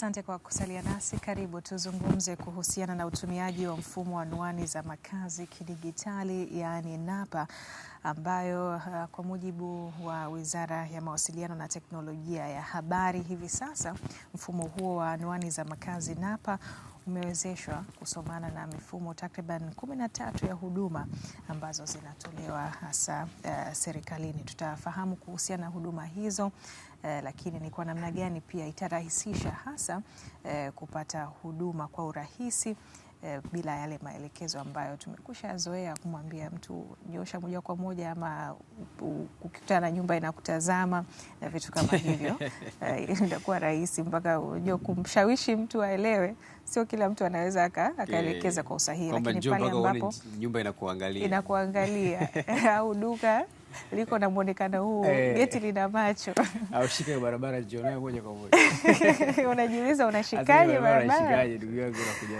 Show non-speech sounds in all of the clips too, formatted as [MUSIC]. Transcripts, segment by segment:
Asante kwa kusalia nasi. Karibu tuzungumze kuhusiana na utumiaji wa mfumo wa anwani za makazi kidigitali, yaani NAPA, ambayo uh, kwa mujibu wa Wizara ya Mawasiliano na Teknolojia ya Habari, hivi sasa mfumo huo wa anwani za makazi NAPA umewezeshwa kusomana na mifumo takriban kumi na tatu ya huduma ambazo zinatolewa hasa uh, serikalini. Tutafahamu kuhusiana na huduma hizo eh, lakini ni kwa namna gani pia itarahisisha hasa eh, kupata huduma kwa urahisi eh, bila yale maelekezo ambayo tumekusha zoea kumwambia mtu nyosha moja kwa moja, ama ukikutana na nyumba inakutazama na vitu kama hivyo [LAUGHS] eh, itakuwa rahisi mpaka ujue kumshawishi mtu aelewe. Sio kila mtu anaweza akaelekeza eh, kwa usahihi, lakini pale ambapo nyumba inakuangalia inakuangalia [LAUGHS] [LAUGHS] au duka liko na mwonekano huu hey, eh. geti lina macho [LAUGHS] au shika barabara jionayo moja kwa moja [LAUGHS] unajiuliza unashikaje barabara. ndugu yangu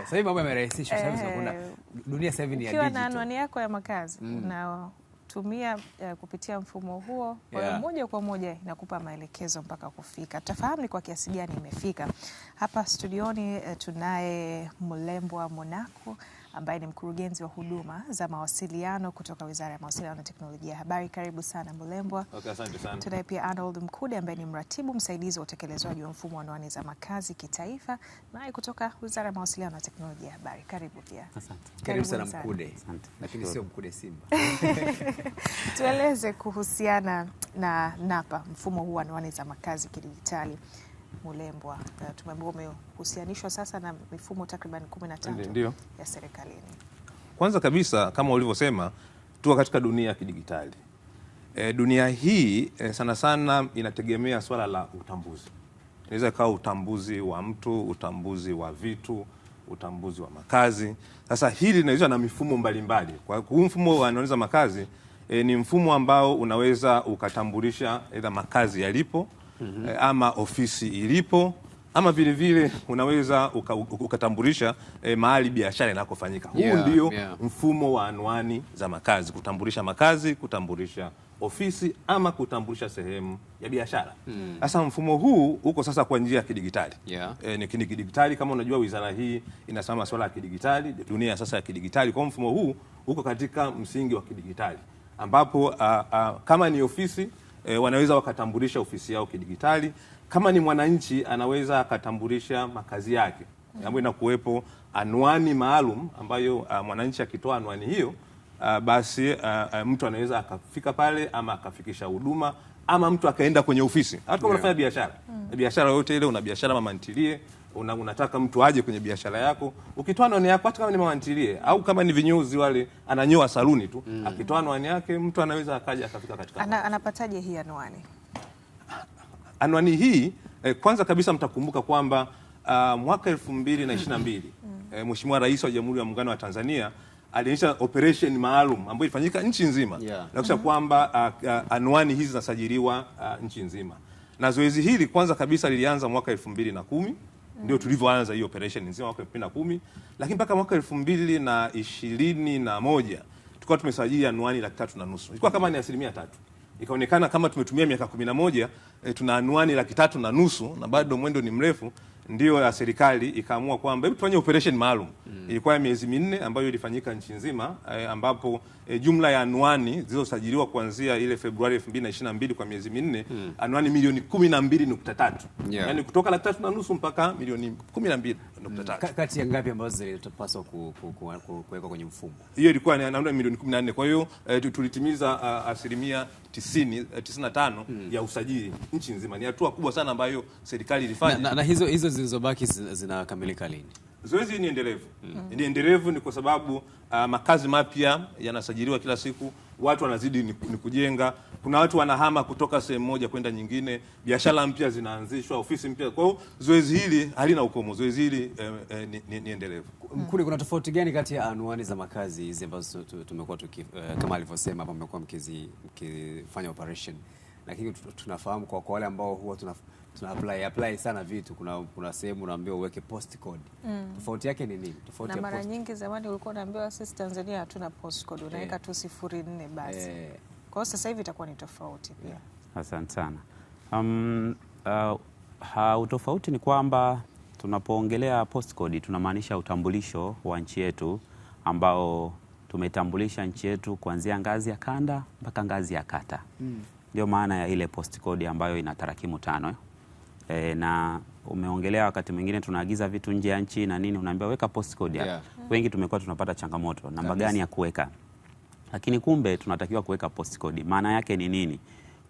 Sasa hivi mambo yamerahisishwa, sasa hivi kuna eh. dunia sasa hivi ni ya digital. Ukiwa na anwani yako ya makazi mm, na tumia uh, eh, kupitia mfumo huo kwa yeah, moja kwa moja inakupa maelekezo mpaka kufika. Tafahamu ni kwa kiasi gani imefika. Hapa studioni uh, tunaye Mulembwa Monaco ambaye ni mkurugenzi wa huduma za mawasiliano kutoka Wizara ya Mawasiliano na Teknolojia ya Habari. Karibu sana Mulembwa. Okay, asante sana. Tunaye pia Arnold Mkude ambaye ni mratibu msaidizi wa utekelezaji wa mfumo wa anwani za makazi kitaifa, naye kutoka Wizara ya Mawasiliano na Teknolojia ya Habari. Karibu pia. Asante. Karibu sana Mkude. Asante. Lakini sio Mkude Simba. [LAUGHS] Tueleze kuhusiana na NaPA, mfumo huu wa anwani za makazi kidijitali Mulembwa. Tumeambiwa umehusianishwa sasa na mifumo takriban 13 ya serikalini. Kwanza kabisa kama ulivyosema, tuko katika dunia ya kidigitali E, dunia hii e, sana sana inategemea swala la utambuzi. Inaweza ikawa utambuzi wa mtu, utambuzi wa vitu, utambuzi wa makazi. Sasa hili linaweza na mifumo mbalimbali. Kwa huu mfumo wa makazi e, ni mfumo ambao unaweza ukatambulisha aidha makazi yalipo mm -hmm. ama ofisi ilipo ama vilevile unaweza ukatambulisha uka eh, e, mahali biashara inakofanyika. yeah, huu ndio yeah. mfumo wa anwani za makazi, kutambulisha makazi, kutambulisha ofisi ama kutambulisha sehemu ya biashara. Hmm. Sasa mm. mfumo huu uko sasa kwa njia ya kidigitali yeah. E, ni kidigitali kama unajua, wizara hii inasimama swala ya kidigitali, dunia sasa ya kidigitali. Kwa mfumo huu uko katika msingi wa kidigitali ambapo a, ah, a, ah, kama ni ofisi e, wanaweza wakatambulisha ofisi yao kidigitali. Kama ni mwananchi anaweza akatambulisha makazi yake ambayo inakuwepo anwani maalum ambayo a, ah, mwananchi akitoa anwani hiyo a, ah, basi a, ah, a, mtu anaweza akafika pale ama akafikisha huduma ama mtu akaenda kwenye ofisi hata kama unafanya yeah, biashara mm, biashara yoyote ile, una biashara mama ntilie una, unataka mtu aje kwenye biashara yako, ukitoa anwani yako, hata kama ni mawantilie au kama ni vinyuzi wale, ananyoa saluni tu mm. akitoa anwani yake mtu anaweza akaja akafika katika. Ana, anapataje hii anwani? Anwani hii eh, kwanza kabisa mtakumbuka kwamba uh, mwaka 2022 mm. eh, Mheshimiwa Rais wa Jamhuri ya Muungano wa Tanzania alionyesha operation maalum ambayo ilifanyika nchi nzima yeah. na mm -hmm. kwamba uh, uh, anwani hizi zinasajiliwa uh, nchi nzima, na zoezi hili kwanza kabisa lilianza mwaka 2010 ndio tulivyoanza hii operation nzima mwaka 2010 lakini mpaka mwaka na na moja tulikuwa tumesajili anuani laki tatu na nusu ilikuwa kama ni asilimia tatu ikaonekana kama tumetumia miaka 11 e, eh, tuna anuani laki tatu na nusu na bado mwendo ni mrefu ndio ya serikali ikaamua kwamba hebu tufanye operation maalum ilikuwa ya miezi minne ambayo ilifanyika nchi nzima e, ambapo e, jumla ya anwani zilizosajiliwa kuanzia ile Februari 2022 kwa miezi minne mm. anwani milioni 12.3 yeah. yani kutoka laki tatu na nusu mpaka milioni 12.3 mm. kati ya ngapi ambazo zilipaswa kuwekwa kwenye mfumo? Hiyo ilikuwa ni anwani milioni 14. Kwa hiyo e, tulitimiza uh, asilimia 90 95 hmm. ya usajili nchi nzima. Ni hatua kubwa sana ambayo serikali ilifanya na, na, na hizo hizo zilizobaki zinakamilika lini? Zoezi ni endelevu mm. Ni endelevu ni kwa sababu uh, makazi mapya yanasajiliwa kila siku, watu wanazidi ni, ni kujenga. Kuna watu wanahama kutoka sehemu moja kwenda nyingine, biashara mpya zinaanzishwa, ofisi mpya. Kwa hiyo zoezi hili halina ukomo, zoezi hili eh, eh, ni, ni, ni endelevu. Mkude, kuna tofauti gani kati ya anwani za makazi hizi ambazo tumekuwa tuki uh, kama alivyosema hapa mmekuwa mkizifanya operation, lakini tunafahamu kwa wale ambao huwa tunafahamu tuna apply apply sana vitu. Kuna kuna sehemu unaambiwa uweke postcode mm. tofauti yake ni nini? Tofauti na mara post... nyingi zamani ulikuwa unaambiwa sisi Tanzania hatuna postcode, unaweka eh. tu 04 basi eh. kwa hiyo sasa hivi itakuwa ni tofauti pia yeah. Asante sana um, uh, ha, utofauti ni kwamba tunapoongelea postcode tunamaanisha utambulisho wa nchi yetu ambao tumetambulisha nchi yetu kuanzia ngazi ya kanda mpaka ngazi ya kata. Mm. Ndio mm. maana ya ile postcode ambayo ina tarakimu tano eh e, na umeongelea wakati mwingine tunaagiza vitu nje ya nchi na nini, unaambia weka postcode yeah. yeah. Wengi tumekuwa tunapata changamoto namba gani ya kuweka, lakini kumbe tunatakiwa kuweka postcode. Maana yake ni nini?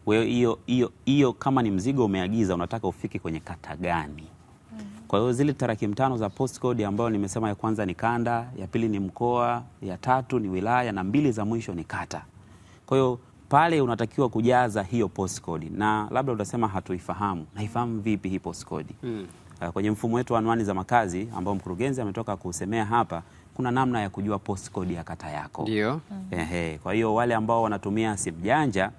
Wewe hiyo hiyo hiyo, kama ni mzigo umeagiza, unataka ufike kwenye kata gani? Mm-hmm. Kwa hiyo zile tarakimu tano za postcode ambayo nimesema, ya kwanza ni kanda, ya pili ni mkoa, ya tatu ni wilaya na mbili za mwisho ni kata. Kwa hiyo pale unatakiwa kujaza hiyo postcode, na labda utasema hatuifahamu. Naifahamu vipi hii postcode? mm. Kwenye mfumo wetu wa anwani za makazi ambao mkurugenzi ametoka kusemea hapa, kuna namna ya kujua postcode ya kata yako. Ndio. Hmm. Ehe, kwa hiyo wale ambao wanatumia simu janja,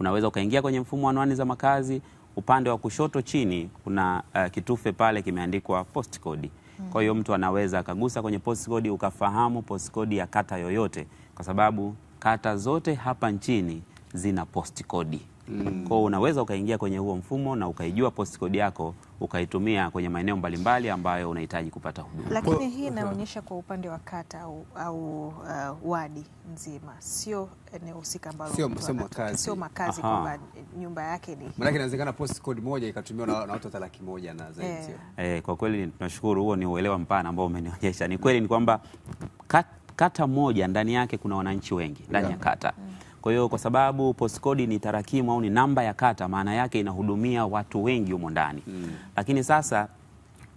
unaweza ukaingia kwenye mfumo wa anwani za makazi, upande wa kushoto chini kuna uh, kitufe pale kimeandikwa postcode. Hmm. Kwa hiyo mtu anaweza akagusa kwenye postcode ukafahamu postcode ya kata yoyote, kwa sababu kata zote hapa nchini zina post kodi mm. Kwa unaweza ukaingia kwenye huo mfumo na ukaijua post kodi yako ukaitumia kwenye maeneo mbalimbali ambayo unahitaji kupata huduma. Lakini hii inaonyesha kwa upande wa kata au, au uh, wadi nzima, sio eneo husika ambalo sio sio makazi sio makazi kwa nyumba yake ni Maana inawezekana post code moja ikatumiwa na, na watu laki moja na zaidi. Eh. eh, kwa kweli tunashukuru, huo ni uelewa mpana ambao umenionyesha. Ni kweli ni kwamba kata moja ndani yake kuna wananchi wengi ndani yeah. ya kata kwa hiyo kwa sababu postcode ni tarakimu au ni namba ya kata, maana yake inahudumia watu wengi humo ndani mm. Lakini sasa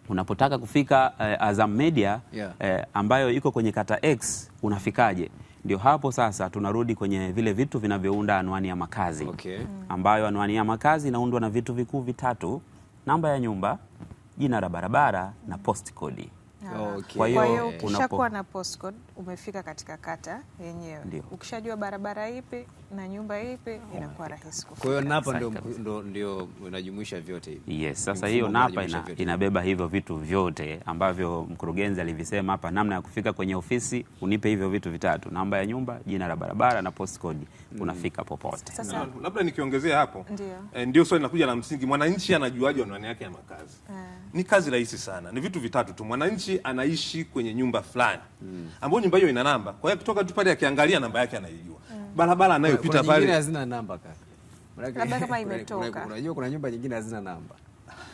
unapotaka kufika eh, Azam Media yeah. eh, ambayo iko kwenye kata X unafikaje? Ndio hapo sasa tunarudi kwenye vile vitu vinavyounda anwani ya makazi okay. Mm. ambayo anwani ya makazi inaundwa na vitu vikuu vitatu: namba ya nyumba, jina la barabara na postcode. Okay. Kwa hiyo ukishakuwa na postcode umefika katika kata yenyewe, ukishajua barabara ipi na nyumba ipi inakuwa rahisi kufika. Kwa hiyo napa ndio ndio ndio inajumuisha vyote hivi. Yes, sasa hiyo napa ina, inabeba hivyo vitu vyote ambavyo mkurugenzi alivisema hapa, namna ya kufika kwenye ofisi, unipe hivyo vitu vitatu, namba ya nyumba, jina la barabara na postcode, mm. unafika popote. Sasa labda nikiongezea hapo, ndio eh, ndio swali linakuja la msingi, mwananchi anajuaje anwani yake ya makazi? Eh. Ni kazi rahisi sana, ni vitu vitatu tu mwananchi anaishi kwenye nyumba fulani mm. ambayo nyumba hiyo ina namba, kwa hiyo akitoka tu pale akiangalia namba yake anaijua mm. barabara anayopita pale hazina namba kaka, labda kama [LAUGHS] imetoka, unajua kuna nyumba nyingine hazina namba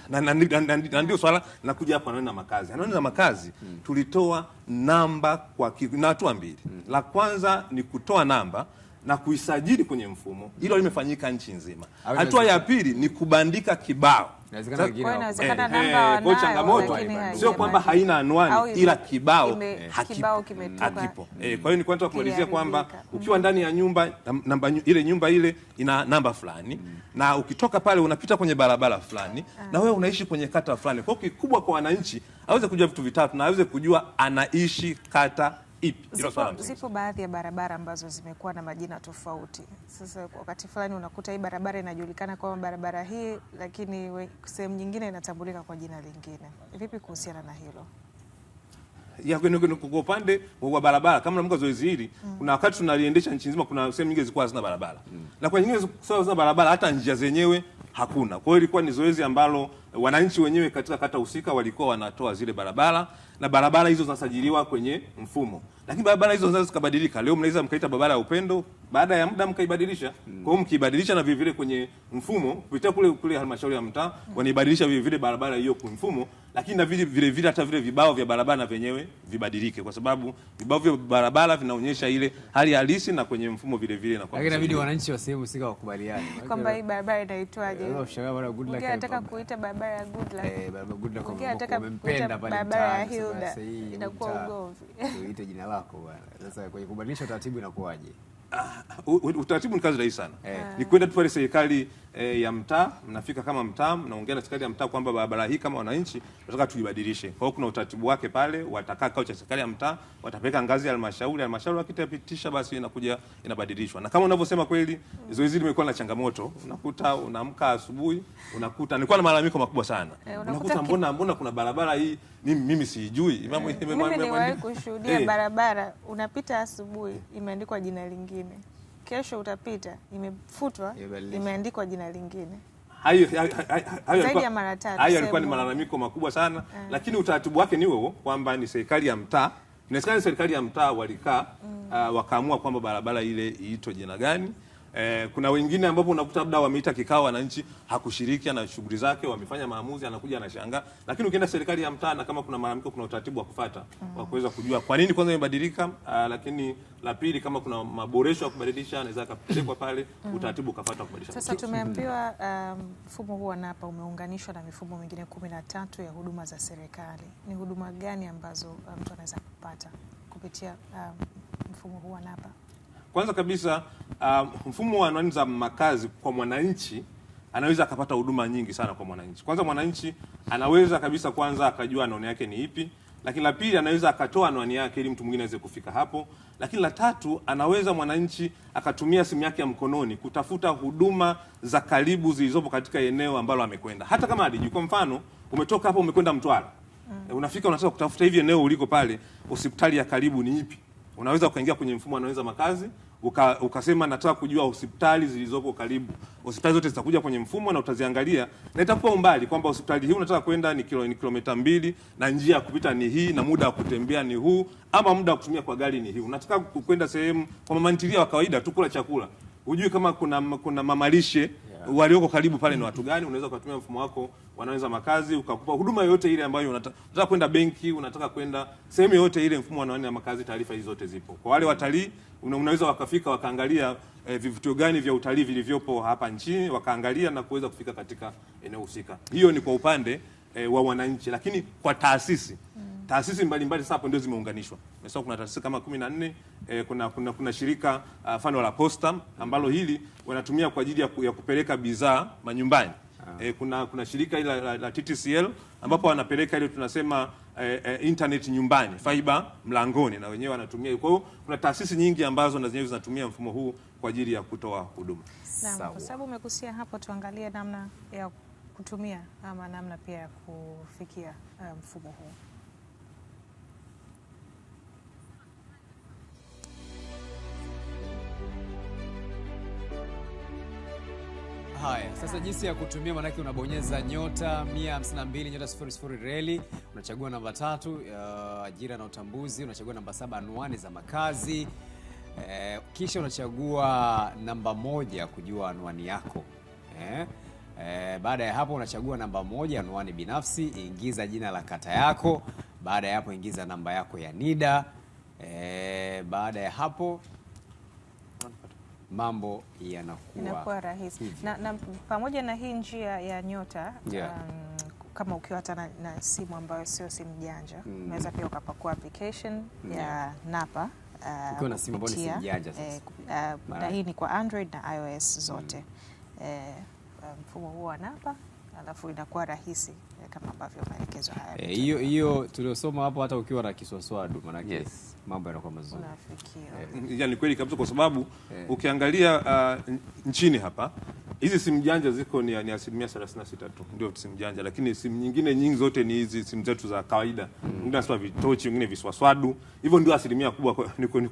na, na, na, na, na ndio swala nakuja hapa naona makazi na makazi mm. tulitoa namba kwa na hatua mbili mm. la kwanza ni kutoa namba na kuisajili kwenye mfumo, hilo limefanyika nchi nzima. Hatua ya pili ni kubandika kibao changamoto sio kwamba haina anwani ila kibao eh, hakipo. Mm. Mm. Eh, kwa hiyo ni kwanza kuelezea kwamba ukiwa ndani ya nyumba namba, ile nyumba ile ina namba fulani mm. na ukitoka pale unapita kwenye barabara fulani ah. na wewe unaishi kwenye kata fulani. Kwa hiyo kikubwa kwa wananchi aweze kujua vitu vitatu na aweze kujua anaishi kata ipi? Zipo, zipo baadhi ya barabara ambazo zimekuwa na majina tofauti. Sasa wakati fulani unakuta hii barabara inajulikana kama barabara hii, lakini sehemu nyingine inatambulika kwa jina lingine. Vipi kuhusiana na hilo? kwa upande wa barabara kama namka zoezi hili mm. kuna wakati tunaliendesha nchi nzima, kuna sehemu nyingi zilikuwa hazina barabara mm. na kwa nyingine zina hazina barabara, hata njia zenyewe hakuna. Kwa hiyo ilikuwa ni zoezi ambalo wananchi wenyewe katika kata husika walikuwa wanatoa zile barabara na barabara hizo zinasajiliwa kwenye mfumo, lakini barabara hizo zinaweza zikabadilika. Leo mnaweza mkaita barabara ya upendo, baada ya muda mkaibadilisha. Hmm. Kwa hiyo mkiibadilisha na vivile kwenye mfumo kupitia kule kule halmashauri ya mtaa wanaibadilisha vivile barabara hiyo kwa mfumo, lakini na vile vile vile hata vile vibao vya barabara na vyenyewe vibadilike, kwa sababu vibao vya barabara vinaonyesha ile hali halisi na kwenye mfumo vile vile, na kwa lakini inabidi wananchi wa sehemu sika wakubaliane kwamba hii barabara inaitwaje. good luck, anataka kuita barabara ya good luck, eh, barabara good luck, kwa sababu umempenda pale, barabara ya Hilda, inakuwa ugomvi, uite jina lako bwana. Sasa kwenye kubadilisha taratibu inakuwaje? uh, utaratibu ni kazi rahisi sana yeah. Ni kwenda tu pale serikali eh, ya mtaa, mnafika kama mtaa, mnaongea na serikali ya mtaa kwamba barabara hii kama wananchi tunataka tuibadilishe. Kwa hiyo kuna utaratibu wake pale, watakaa kikao cha serikali ya mtaa, watapeleka ngazi ya halmashauri, halmashauri akitapitisha basi inakuja inabadilishwa. Na kama unavyosema kweli, zoezi hili limekuwa na changamoto. Unakuta unaamka asubuhi, unakuta nilikuwa na malalamiko makubwa sana. yeah, unakuta, unakuta mbona mbona kuna barabara hii mimi siijui. Mimi eh. niwahi kushuhudia hey. Eh. Barabara unapita asubuhi imeandikwa jina lingine, kesho utapita imefutwa imeandikwa jina lingine zaidi ya mara tatu. Hayo yalikuwa ni malalamiko makubwa sana yeah. Lakini utaratibu wake ni huo kwamba ni serikali ya mtaa inawezekana serikali ya mtaa walikaa mm. Uh, wakaamua kwamba barabara ile iitwe jina gani Eh, kuna wengine ambapo unakuta labda wameita kikao wananchi, hakushiriki ana shughuli zake, wamefanya maamuzi, anakuja anashangaa. Lakini ukienda serikali ya mtaa na kama kuna malalamiko, kuna utaratibu wa kufuata mm. wa kuweza kujua kwa nini kwanza imebadilika, ah, lakini la pili, kama kuna maboresho ya kubadilisha, anaweza akapelekwa pale mm. utaratibu ukafuata kubadilisha. Sasa tumeambiwa ah, mfumo um, huu hapa umeunganishwa na mifumo mingine kumi na tatu ya huduma za serikali. Ni huduma gani ambazo ah, mtu um, anaweza kupata kupitia um, mfumo huu hapa? Kwanza kabisa uh, mfumo wa anwani za makazi kwa mwananchi anaweza akapata huduma nyingi sana kwa mwananchi. Kwanza mwananchi anaweza kabisa kwanza akajua anwani yake ni ipi, lakini la pili anaweza akatoa anwani yake ili mtu mwingine aweze kufika hapo, lakini la tatu anaweza mwananchi akatumia simu yake ya mkononi kutafuta huduma za karibu zilizopo katika eneo ambalo amekwenda, hata kama hadijui. Kwa mfano, umetoka hapo umekwenda Mtwara, mm. unafika unataka kutafuta hivi eneo uliko pale, hospitali ya karibu ni ipi? Unaweza ukaingia kwenye mfumo anaweza makazi uka, ukasema nataka kujua hospitali zilizoko karibu. Hospitali zote zitakuja kwenye mfumo na utaziangalia, na itakupa umbali kwamba hospitali hii unataka kwenda ni kilo, ni kilomita mbili na njia ya kupita ni hii na muda wa kutembea ni huu ama muda wa kutumia kwa gari ni hii. Unataka kwenda sehemu kwa mama ntilia wa kawaida tu kula chakula, hujui kama kuna kuna mamalishe walioko karibu pale ni watu gani, unaweza ukatumia mfumo wako, wanaweza makazi ukakupa huduma yoyote ile ambayo unataka, kwenda benki, unataka kwenda sehemu yoyote ile, mfumo ya makazi, taarifa hizo zote zipo. Kwa wale watalii unaweza wakafika wakaangalia eh, vivutio gani vya utalii vilivyopo hapa nchini, wakaangalia na kuweza kufika katika eneo husika. Hiyo ni kwa upande eh, wa wananchi, lakini kwa taasisi taasisi mbalimbali sasa hapo ndio zimeunganishwa. Nimesema kuna taasisi kama 14 eh, kuna, kuna kuna shirika uh, ah, fano la Posta ambalo hili wanatumia kwa ajili ya, ku, ya kupeleka bidhaa manyumbani. Ah. Eh, kuna kuna shirika la, la, la TTCL ambapo wanapeleka ile tunasema eh, eh, internet nyumbani, fiber mlangoni na wenyewe wanatumia. Kwa hiyo kuna taasisi nyingi ambazo na zenyewe zinatumia mfumo huu kwa ajili ya kutoa huduma. Naam, kwa sababu umegusia hapo, tuangalie namna ya kutumia ama namna pia ya kufikia eh, mfumo um, huu. Haya, sasa jinsi ya kutumia, maanake unabonyeza nyota 152 nyota 00 reli, unachagua namba tatu, uh, ajira na utambuzi, unachagua namba saba, anwani za makazi eh, kisha unachagua namba moja kujua anwani yako eh? Eh, baada ya hapo unachagua namba moja, anwani binafsi, ingiza jina la kata yako. Baada ya hapo ingiza namba yako ya NIDA eh, baada ya hapo mambo yanakuwa inakuwa rahisi na, na pamoja na hii njia ya nyota yeah. um, kama ukiwa hata na, na simu ambayo sio simu janja mm. unaweza pia ukapakua application mm. ya Napa uh, na, simu kupitia, simu janja sasa. Eh, uh, na hii ni kwa Android na iOS mm. zote mm. eh, mfumo huo wa Napa alafu inakuwa rahisi eh, kama ambavyo maelekezo haya eh, hiyo e, hiyo tuliosoma hapo, hata ukiwa na kiswaswadu maanake yes. mambo yanakuwa mazuri e. Eh, ni kweli kabisa, kwa sababu e. ukiangalia uh, nchini hapa hizi simu janja ziko ni, ni asilimia 36 tu ndio simu janja, lakini simu nyingine nyingi zote ni hizi simu zetu za kawaida, mm. wengine nasema vitochi, wengine viswaswadu, hivyo ndio asilimia kubwa.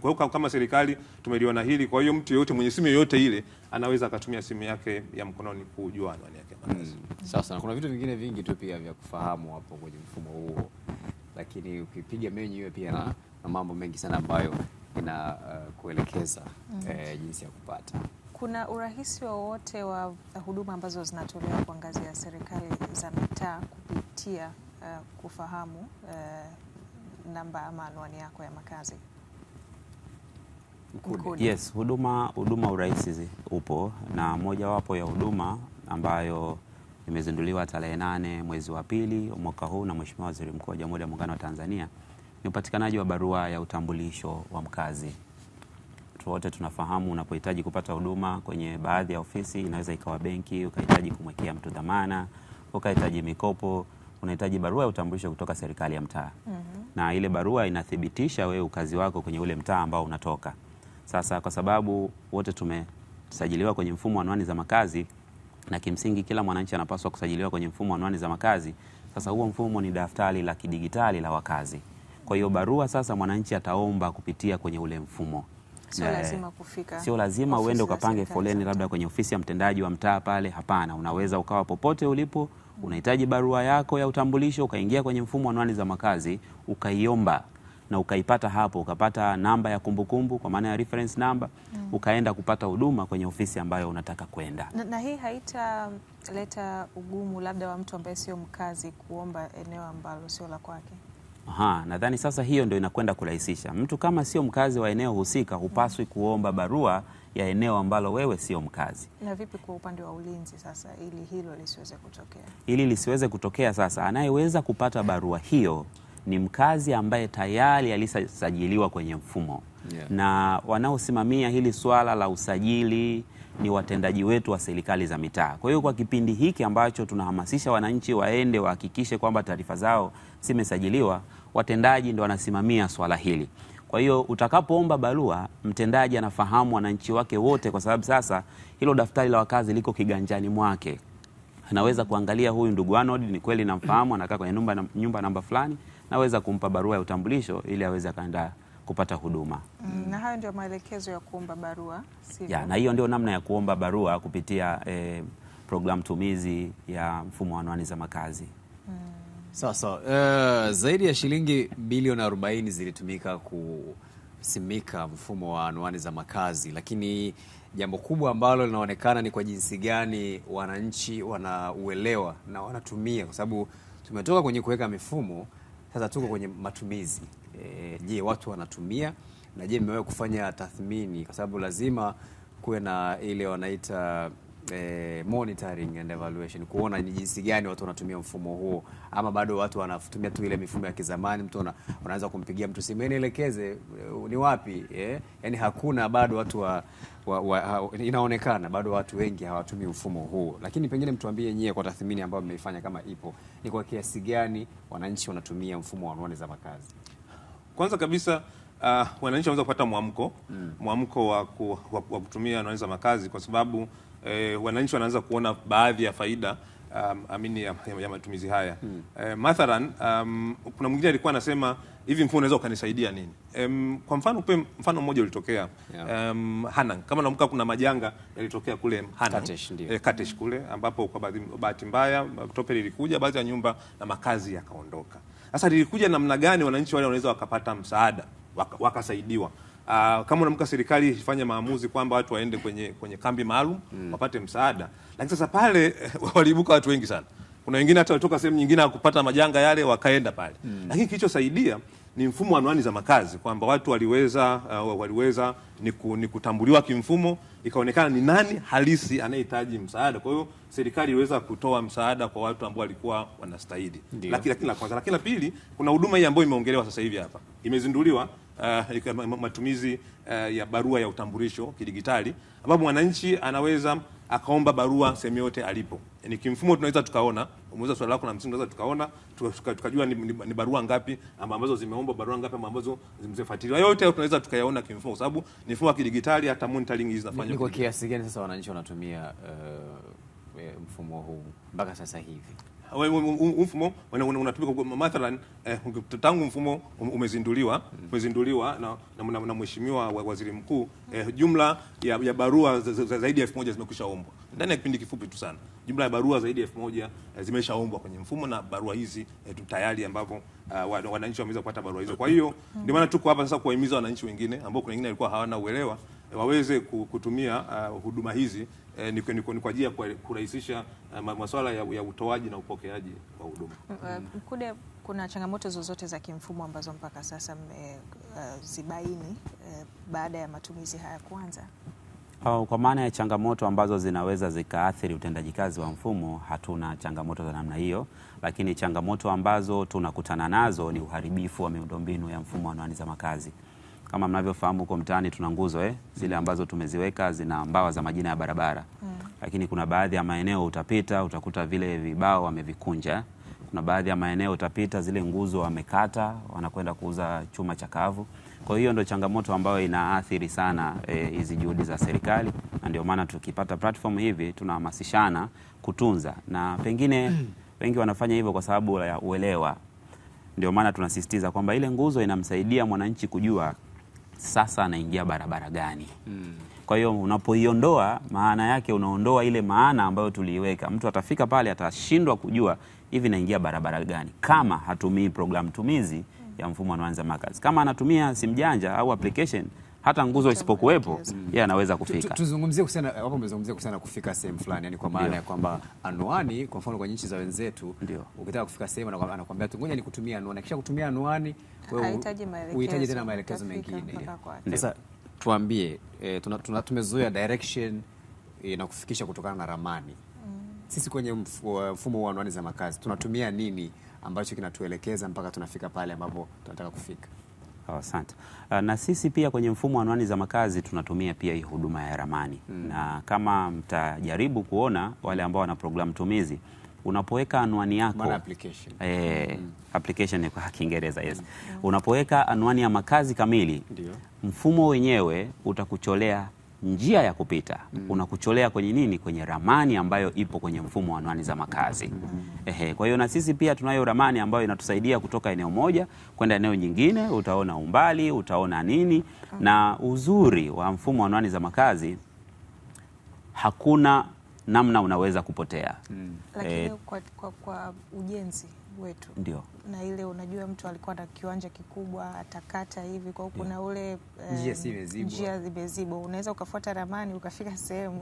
Kwa kama serikali tumeliona hili, kwa hiyo mtu yeyote mwenye simu yoyote ile anaweza akatumia simu yake ya mkononi kujua anwani yake mm. Sasa Sawa sana, kuna vitu vingine vingi tu pia vya kufahamu hapo kwenye mfumo huo, lakini ukipiga menyu hiyo pia na, na mambo mengi sana ambayo ina uh, kuelekeza mm. eh, jinsi ya kupata kuna urahisi wowote wa, wa huduma ambazo zinatolewa kwa ngazi ya serikali za mitaa kupitia uh, kufahamu uh, namba ama anwani yako ya makazi? Mkude. Yes, huduma huduma urahisi upo na mojawapo ya huduma ambayo imezinduliwa tarehe nane mwezi wa pili mwaka huu na Mheshimiwa Waziri Mkuu wa Jamhuri ya Muungano wa Tanzania ni upatikanaji wa barua ya utambulisho wa mkazi wote tunafahamu unapohitaji kupata huduma kwenye baadhi ya ofisi, inaweza ikawa benki, ukahitaji kumwekea mtu dhamana, ukahitaji mikopo, unahitaji barua ya utambulisho kutoka serikali ya mtaa mm -hmm. na ile barua inathibitisha wewe ukazi wako kwenye ule mtaa ambao unatoka. Sasa kwa sababu wote tumesajiliwa kwenye mfumo wa anwani za makazi, na kimsingi kila mwananchi anapaswa kusajiliwa kwenye mfumo wa anwani za makazi. Sasa huo mfumo ni daftari la kidigitali la wakazi. Kwa hiyo barua sasa mwananchi ataomba kupitia kwenye ule mfumo sio eh, lazima kufika, sio lazima uende ukapange foleni labda kwenye ofisi ya mtendaji wa mtaa pale. Hapana, unaweza ukawa popote ulipo, unahitaji barua yako ya utambulisho, ukaingia kwenye mfumo wa anwani za makazi ukaiomba na ukaipata hapo, ukapata namba ya kumbukumbu kwa maana ya reference number mm. Ukaenda kupata huduma kwenye ofisi ambayo unataka kwenda na, na hii haitaleta ugumu labda wa mtu ambaye sio mkazi kuomba eneo ambalo sio la kwake. Aha, nadhani sasa hiyo ndio inakwenda kurahisisha. Mtu kama sio mkazi wa eneo husika hupaswi kuomba barua ya eneo ambalo wewe sio mkazi. Na vipi kwa upande wa ulinzi sasa ili hilo lisiweze kutokea? Ili lisiweze kutokea sasa anayeweza kupata barua hiyo ni mkazi ambaye tayari alisajiliwa kwenye mfumo. Yeah. Na wanaosimamia hili swala la usajili ni watendaji wetu wa serikali za mitaa. Kwa hiyo kwa kipindi hiki ambacho tunahamasisha wananchi waende wahakikishe kwamba taarifa zao zimesajiliwa watendaji ndo wanasimamia swala hili. Kwa hiyo utakapoomba barua, mtendaji anafahamu wananchi wake wote, kwa sababu sasa hilo daftari la wakazi liko kiganjani mwake. Anaweza kuangalia huyu ndugu Arnold ni kweli namfahamu, anakaa kwenye nyumba, nyumba namba fulani, naweza kumpa barua ya utambulisho ili aweze akaenda kupata huduma mm. Na hayo ndio maelekezo ya kuomba barua ya, na hiyo ndio namna ya kuomba barua kupitia eh, programu tumizi ya mfumo wa anwani za makazi. Sawa sawa. Uh, zaidi ya shilingi bilioni arobaini zilitumika kusimika mfumo wa anwani za makazi, lakini jambo kubwa ambalo linaonekana ni kwa jinsi gani wananchi wanauelewa na wanatumia, kwa sababu tumetoka kwenye kuweka mifumo, sasa tuko kwenye matumizi. E, je, watu wanatumia? Na je, mmewahi kufanya tathmini? Kwa sababu lazima kuwe na ile wanaita eh, monitoring and evaluation, kuona ni jinsi gani watu wanatumia mfumo huo, ama bado watu wanatumia tu ile mifumo ya kizamani. Mtu unaanza kumpigia mtu simu, nielekeze eh, ni wapi eh? Yani hakuna bado watu wa, wa, wa, ha, inaonekana bado watu wengi hawatumii mfumo huo, lakini pengine mtuambie nyie kwa tathmini ambayo mmeifanya kama ipo, ni kwa kiasi gani wananchi wanatumia mfumo wa anwani za makazi? Kwanza kabisa uh, wananchi wanaweza kupata mwamko mm. mwamko mm. wa, ku, wa, wa kutumia anwani za makazi kwa sababu eh, wananchi wanaanza kuona baadhi ya faida um, amini ya, ya matumizi haya hmm. Eh, mathalan um, kuna mwingine alikuwa anasema hivi mfumo unaweza ukanisaidia nini? Um, kwa mfano upe mfano mmoja ulitokea yeah. um, Hanang kama namka kuna majanga yalitokea kule Hanang Katesh, eh, Katesh kule ambapo kwa bahati mbaya tope lilikuja baadhi ya nyumba na makazi yakaondoka. Sasa lilikuja namna gani wananchi wale wanaweza wakapata msaada wakasaidiwa Uh, kama unamka serikali ifanye maamuzi kwamba watu waende kwenye, kwenye kambi maalum mm. wapate msaada, lakini sasa pale [LAUGHS] waliibuka watu wengi sana. Kuna wengine hata walitoka sehemu nyingine kupata majanga yale wakaenda pale mm. lakini kilichosaidia ni mfumo wa anwani za makazi kwamba watu waliweza, uh, waliweza ni niku, kutambuliwa kimfumo, ikaonekana ni nani halisi anayehitaji msaada. Kwa hiyo serikali iliweza kutoa msaada kwa watu ambao walikuwa wanastahili, lakini la kwanza. Lakini la pili, kuna huduma hii ambayo imeongelewa sasa hivi hapa, imezinduliwa uh, matumizi uh, ya barua ya utambulisho kidigitali, ambapo mwananchi anaweza akaomba barua sehemu yote alipo. Ni yaani kimfumo tunaweza tukaona, umeuliza swali lako la msingi, tunaweza tukaona tukajua tuka, tuka ni, ni, ni barua ngapi ambazo zimeomba barua ngapi ambazo zimefuatiliwa. Yote tunaweza tukayaona kimfumo, kwa sababu ni mfumo wa kidigitali, hata monitoring hizi zinafanywa. Ni kwa kiasi gani sasa wananchi wanatumia uh, mfumo huu mpaka sasa hivi? mfumo unatumika mathalan, eh, tangu mfumo um, umezinduliwa umezinduliwa na, na, na, na mheshimiwa waziri mkuu eh, jumla ya, ya barua za, zaidi ya elfu moja zimekwisha ombwa ndani ya kipindi kifupi tu sana. Jumla ya barua zaidi ya elfu moja eh, zimeshaombwa kwenye mfumo na barua hizi eh, tayari ambapo uh, ah, wananchi wameweza kupata barua hizo. Kwa hiyo ndio maana tuko hapa sasa kuwahimiza wananchi wengine ambao kuna wengine walikuwa hawana uelewa eh, waweze kutumia uh, huduma hizi Eh, ni, kwa ajili kwa ajili ya kurahisisha eh, masuala ya, ya utoaji na upokeaji wa huduma. Mkude, mm, kuna changamoto zozote za kimfumo ambazo mpaka sasa mmezibaini eh, eh, baada ya matumizi haya kuanza? Kwa maana ya changamoto ambazo zinaweza zikaathiri utendaji kazi wa mfumo, hatuna changamoto za namna hiyo, lakini changamoto ambazo tunakutana nazo ni uharibifu wa miundombinu ya mfumo wa anwani za makazi kama mnavyofahamu huko mtaani tuna nguzo eh, zile ambazo tumeziweka zina mbawa za majina ya barabara mm. Lakini kuna baadhi ya maeneo utapita utakuta vile vibao wamevikunja. Kuna baadhi ya maeneo utapita zile nguzo wamekata, wanakwenda kuuza chuma chakavu. Kwa hiyo ndio changamoto ambayo inaathiri sana eh, hizi e, juhudi za serikali, na ndio maana tukipata platform hivi tunahamasishana kutunza, na pengine [CLEARS THROAT] wengi wanafanya hivyo kwa sababu ya uelewa. Ndio maana tunasisitiza kwamba ile nguzo inamsaidia mwananchi kujua sasa anaingia barabara gani? mm. Kwa hiyo unapoiondoa maana yake unaondoa ile maana ambayo tuliiweka. Mtu atafika pale atashindwa kujua hivi naingia barabara gani, kama hatumii programu tumizi ya mfumo wa Nwanza Makazi. Kama anatumia simu janja au application hata nguzo isipokuwepo yeye anaweza kufika. Tuzungumzie kuhusiana hapo, umezungumzia kuhusiana kufika sehemu fulani, yani kwa maana ya kwamba anwani, kwa mfano kwenye nchi za wenzetu, ukitaka kufika sehemu anakuambia tu ngoja nikutumie anwani, kisha kutumia anwani wewe uhitaji tena maelekezo mengine. Sasa tuambie, e, tumezoea direction inakufikisha eh, kutokana na ramani. Mm. Sisi kwenye mfumo wa anwani za makazi tunatumia nini ambacho kinatuelekeza mpaka tunafika pale ambapo tunataka kufika? Oh, asante. Ah, na sisi pia kwenye mfumo wa anwani za makazi tunatumia pia hii huduma ya ramani hmm. Na kama mtajaribu kuona wale ambao wana programu tumizi unapoweka anwani yako application. Eh, mm. application ni kwa Kiingereza yes. Mm. Unapoweka anwani ya makazi kamili Ndiyo. Mfumo wenyewe utakucholea njia ya kupita mm. unakucholea kwenye nini? Kwenye ramani ambayo ipo kwenye mfumo wa anwani za makazi mm. Ehe, kwa hiyo na sisi pia tunayo ramani ambayo inatusaidia kutoka eneo moja kwenda eneo nyingine, utaona umbali, utaona nini mm. na uzuri wa mfumo wa anwani za makazi hakuna namna unaweza kupotea mm. Eh, Lakini e, kwa, kwa, kwa ujenzi wetu ndio. Na ile unajua, mtu alikuwa na kiwanja kikubwa atakata hivi, kwa kuna ule njia zimezibwa, unaweza ukafuata ramani ukafika sehemu,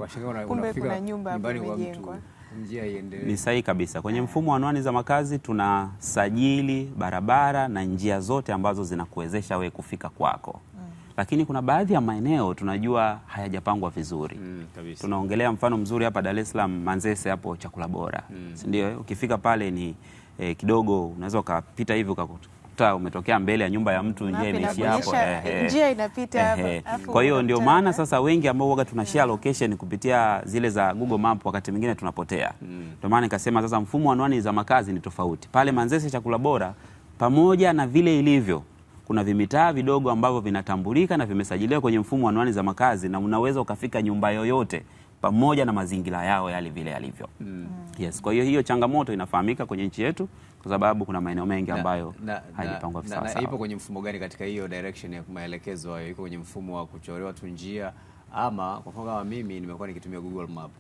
kumbe kuna nyumba imejengwa. Njia iendelee. Ni sahihi kabisa. Kwenye mfumo wa anwani za makazi tunasajili barabara na njia zote ambazo zinakuwezesha wewe kufika kwako mm. lakini kuna baadhi ya maeneo tunajua hayajapangwa vizuri mm, tunaongelea mfano mzuri hapa Dar es Salaam Manzese hapo chakula bora mm. si ndio? Ukifika pale ni eh, kidogo unaweza ukapita hivi ukakuta umetokea mbele ya nyumba ya mtu, njia imeishia hapo, eh, eh. njia inapita hapo. Kwa hiyo ndio maana sasa wengi ambao waga tuna share location kupitia zile za Google Map wakati mwingine tunapotea. Hmm. Ndio maana nikasema sasa mfumo wa anwani za makazi ni tofauti. Pale Manzese chakula bora pamoja na vile ilivyo kuna vimitaa vidogo ambavyo vinatambulika na vimesajiliwa kwenye mfumo wa anwani za makazi na unaweza ukafika nyumba yoyote pamoja na mazingira yao yale vile yalivyo. mm. Yes, kwa hiyo hiyo changamoto inafahamika kwenye nchi yetu kwa sababu kuna maeneo mengi ambayo haijapangwa sawa sawa. Ipo kwenye mfumo gani katika hiyo direction ya maelekezo hayo? Iko kwenye mfumo wa kuchorewa tu njia, ama kwa mfano kama mimi nimekuwa nikitumia Google Map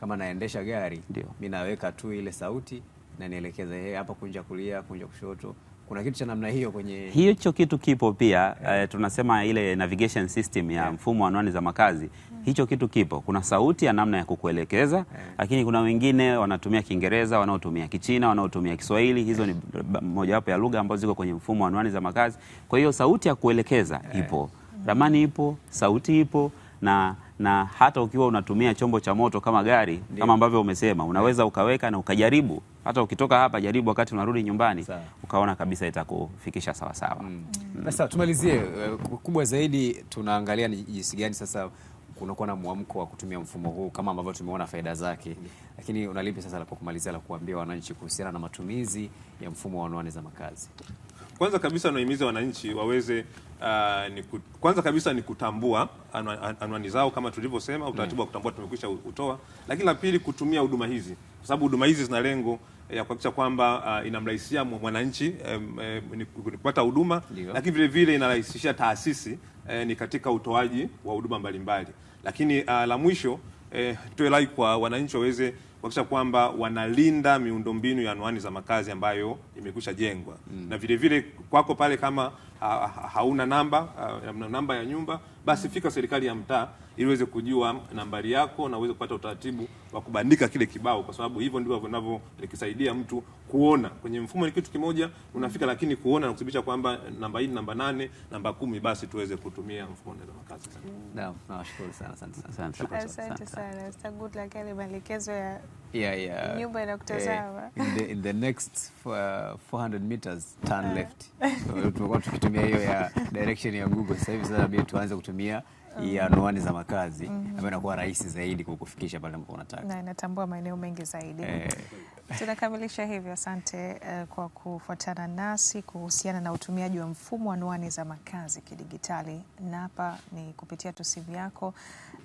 kama naendesha gari, mimi naweka tu ile sauti na nielekeze, hey, hapa kunja kulia, kunja kushoto kuna kitu cha namna hiyo kwenye hicho kitu kipo pia yeah. Uh, tunasema ile navigation system ya yeah. mfumo wa anwani za makazi mm. Hicho kitu kipo, kuna sauti ya namna ya kukuelekeza yeah. Lakini kuna wengine wanatumia Kiingereza, wanaotumia Kichina, wanaotumia Kiswahili, hizo Ni mojawapo ya lugha ambazo ziko kwenye mfumo wa anwani za makazi. Kwa hiyo sauti ya kuelekeza yeah. Ipo, ramani ipo, sauti ipo na na hata ukiwa unatumia chombo cha moto kama gari Ndiyo. kama ambavyo umesema unaweza eh. ukaweka na ukajaribu, hata ukitoka hapa jaribu, wakati unarudi nyumbani Sao. ukaona kabisa itakufikisha sawasawa. mm. mm. tumalizie eh, kubwa zaidi, tunaangalia ni jinsi gani sasa kunakuwa na mwamko wa kutumia mfumo huu kama ambavyo tumeona faida zake Lakini unalipi sasa la kumalizia la kuambia wananchi kuhusiana na matumizi ya mfumo wa anwani za makazi? Kwanza kabisa nawahimiza wananchi waweze uh, ni ku, kwanza kabisa ni kutambua anwani zao kama tulivyosema, utaratibu wa mm. kutambua tumekwisha utoa, lakini la pili kutumia huduma hizi, kwa sababu huduma hizi zina lengo eh, ya kuhakikisha kwamba uh, inamrahisishia mwananchi um, um, kupata huduma, lakini vile vile inarahisishia taasisi uh, ni katika utoaji wa huduma mbalimbali, lakini uh, la mwisho uh, eh, toe kwa wananchi waweze kuhakikisha kwamba wanalinda miundombinu ya anwani za makazi ambayo imekwisha jengwa mm. na vile vile kwako pale kama ha, hauna namba ha, namba ya nyumba, basi mm. fika serikali ya mtaa ili uweze kujua nambari yako na uweze kupata utaratibu wa kubandika kile kibao, kwa sababu hivyo ndivyo vinavyokisaidia mtu kuona. Kwenye mfumo ni kitu kimoja unafika, lakini kuona na kuthibitisha kwamba namba hii, namba nane, namba kumi, basi tuweze kutumia mfumo wa makazi. sana. Naam, nawashukuru sana, asante sana, asante sana. Sasa good luck ile maelekezo ya yeah, yeah, nyumba inakutazama eh, in the in the next uh, 400 meters turn ah. left. Tumekuwa tukitumia hiyo ya direction ya Google, sasa hivi sasa tuanze kutumia ya mm. anwani za makazi mm -hmm. ambayo inakuwa rahisi zaidi kukufikisha pale ambapo unataka na inatambua maeneo mengi zaidi eh. Tunakamilisha hivyo. Asante uh, kwa kufuatana nasi kuhusiana na utumiaji wa mfumo wa anwani za makazi kidigitali. Napa ni kupitia tu simu yako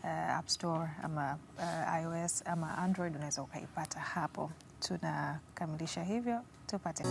uh, App Store ama uh, iOS ama Android, unaweza ukaipata hapo. Tunakamilisha hivyo, tupate